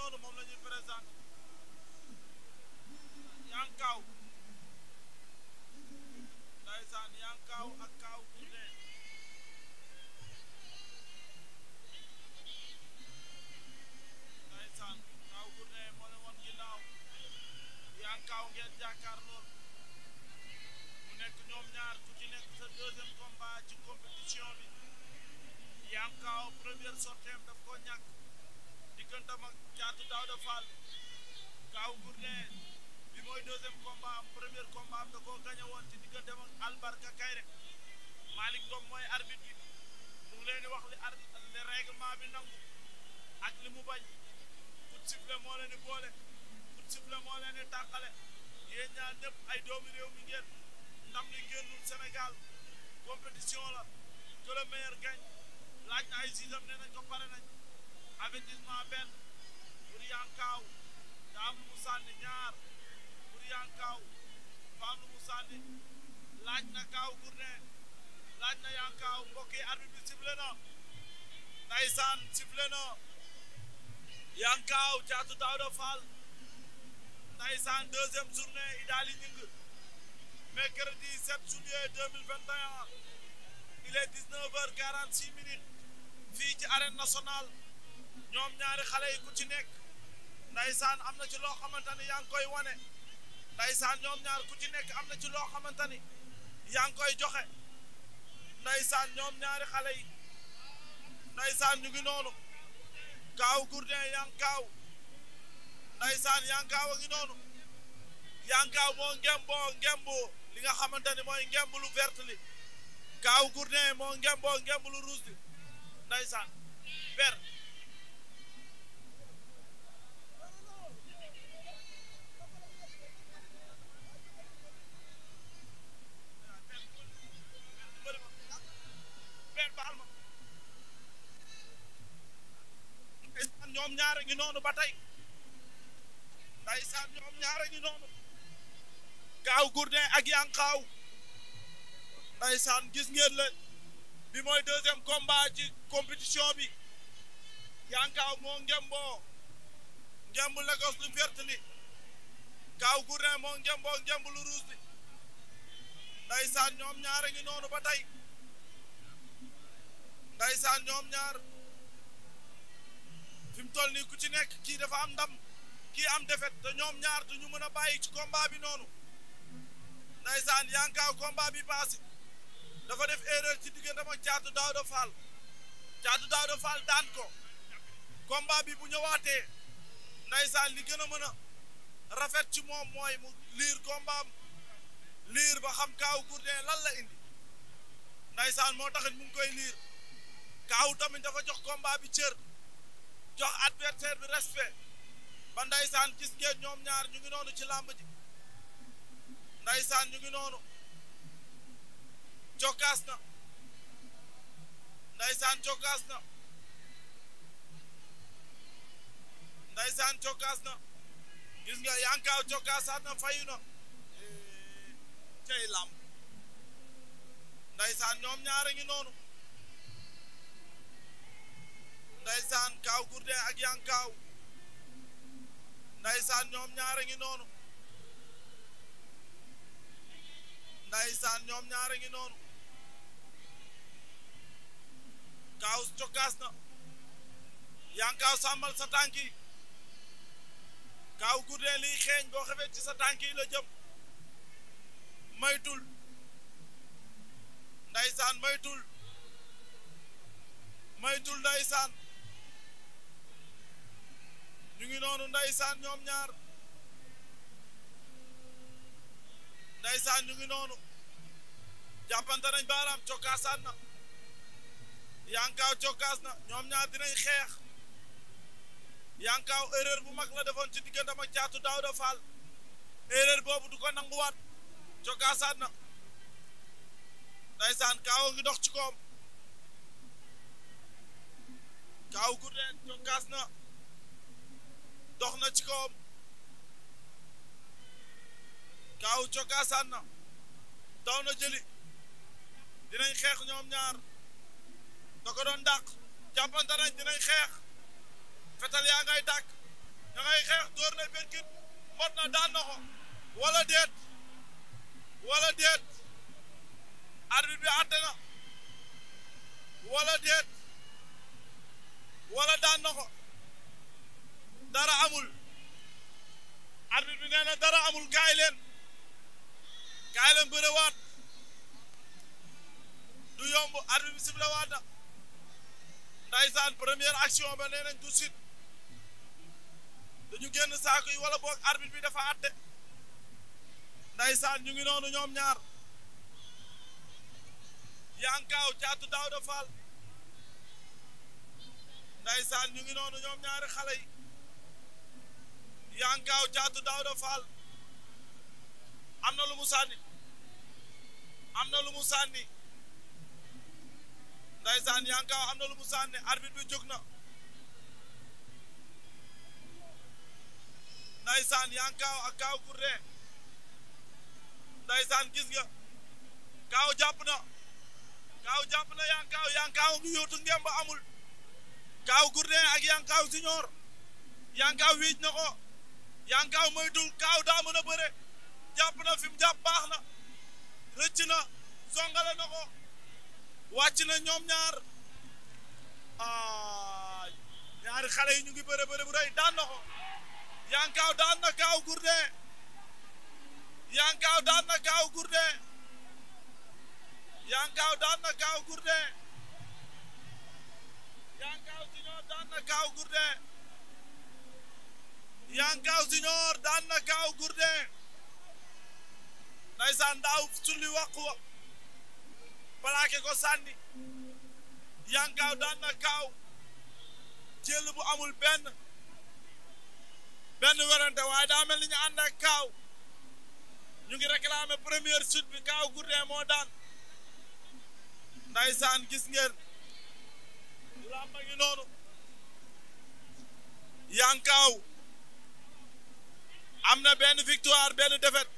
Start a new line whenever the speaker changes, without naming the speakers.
loolu moom la ñuy présenté Yankaaw ndeysaan Yankaaw ak Kaaw caatu Daouda Fall Kaaw Gourdin bi mooy deuxième combat premier combat am da koo gañe woon Albarka Kayre Malick Ngom mooy bi mu ngi wax li arbitre le règlement bi nangu ak li mu bañ coup de sifflet moo boole coup de sifflet moo leen di tàqale yéen ay doomi mi ngeen ndam li génnul Sénégal compétition la que laaj na ay siisam nee nañ ko pare nañ avertissement benn Yankaw daa am lu mu sànni ñaar Bur Yankaw fa am lu mu laaj na Kaaw Gourdin laaj na Yankaw mbokk yi arbitre bi sifflé na ndeysaan sifflé na Yankaw Caatu Daawda Fall ndeysaan deuxième journée Idaly Gningue mercredi 7 juillet 2021 il est 19 heures 46 minutes fii ci arène nationale ñoom ñaari xale yi ku ci nekk ndaysaan am na ci loo xamante ni yaa koy wane ndaysaan ñoom ñaar ku ci nekk am na ci loo xamante ni yaa ngi koy joxe ndaysaan ñoom ñaari xale yi ndaysaan ñu ngi kaaw gourdin yaa ngi kaaw ndaysaan yaa ngi kaaw a ngi noonu yaa ngi kaaw moo ngemboo ngemboo li nga xamante ni mooy ngemb lu vert kaaw gourdin moo ngemboo ngemb lu rouge li ndaysaan vert ñoom ñaara ngi noonu ba tey ndaysaan ñoom ñaara ngi noonu kaaw Gourdin ak Yankaaw ndaysaan gis ngeen la bi mooy deuxième combat ci compétition bi Yankaaw moo ngemboo ngemb Lagos lu verte li kaaw Gourdin moo ngemboo ngemb lu ruus li ndaysaan ñoom ñaara ngi noonu ba tey ndaysaan ñoom ñaar fi mu toll nii ku ci nekk kii dafa am ndam kii am defet te ñoom ñaar du ñu mën a bàyyi ci combat bi noonu ndaysaan yankaaw combat bi passé dafa def erreur ci diggantam ak caatu Daouda Fall caatu Daouda Fall daan ko combat bi bu ñëwaatee ndaysaan li gën a mën a rafet ci moom mooy mu liir combat liir ba xam kaaw Gourdin lan indi ndaysaan moo taxit mu ngi koy liir kaaw tamit dafa jox combat bi cër jox adversaire bi respect ba ndaysaan gis ngeen ñoom ñaar ñu ngi noonu ci làmb ji ndaysaan ñu ngi noonu jokkaas na ndaysaan jokkaas na ndaysaan jokkaas na gis nga yankaaw jokkaasaat na fayu na cay làmb ndaysaan ñoom ñaar ngi noonu ndaysaan kaaw gurde ak yang kaaw ndaysaan ñoom ñaara ngi noonu ndaysaan ñoom ñaara ngi noonu kaaw cokkaas na yang kaaw kaaw gurde liy xeeñ boo xefee ci sa tànk yi la jëm maytul ndaysaan maytul maytul ndaysaan ñu ngi noonu saan ñoom ñaar saan ñu ngi noonu jàppante nañ baaraam cokkaasaan na yankaaw cokkaas na ñoom ñaar dinañ xeex yankaaw erreur bu mag la defoon ci diggantam ak caatu Daawda Faal erreur boobu du ko nanguwaat cokkaasaat na ndeysaan kaaw ngi dox ci koom kaaw gurdeen cokkaas na dox na ci kawam kaaw cokkaasaan na daw na jëli dinañ xeex ñoom ñaar da ko doon dàq jàppante nañ xeex fetal yaa ngay dàq ña ngay xeex dóor na berkit mot na daan na ko wala déet wala déet arbitre bi àtte na wala déet wala daan na ko dara amul arbitre bi nee dara amul kaay leen kaay leen bërewaat du yomb arbitre bi sifflé waat na ndaysaan première action ba nee nañ tout de suite génn saako yi wala boog arbitre bi dafa àtte ndaysaan ñu ngi noonu ñoom ñaar yankaaw caatu daaw da faal ndaysaan ñu ngi noonu ñoom ñaari xale yi yankaaw jaatu daawda faal am na lu mu sànni am na lu mu sànni ndaysaan yankaaw am na lu mu sànni arbitre bi jóg na ndaysaan yankaaw ak kaaw gurree ndaysaan gis nga kaaw jàpp na kaaw jàpp na yankaaw yankaaw ngi yóotu amul kaaw gurree ak yankaaw siñoor yankaaw wiic na ko yaa ngi gaaw kaaw gaaw daa mën a bëre jàpp na fi mu jàpp baax na rëcc na songale na ko na ñoom ñaar ah ñaari xale yi ñu ngi bëre bëre bu rëy daan na ko yaa daan na gaaw gurde yaa ngi gaaw daan na gaaw gurde yaa ngi gaaw daan na gaaw gurde yaa ngi gaaw ci ñoo daan na gaaw gurde Junior daan na Kaaw Gourdin ndaysaan daaw sulli wàq wa plaqué ko sànni Yankaaw daan na Kaaw jël bu amul benn benn werante waaye daa mel ni Kaaw ñu ngi réclamé première chute bi Kaaw Gourdin moo daan ndaysaan gis ngeen làmba ngi noonu na benn victoire benn défaite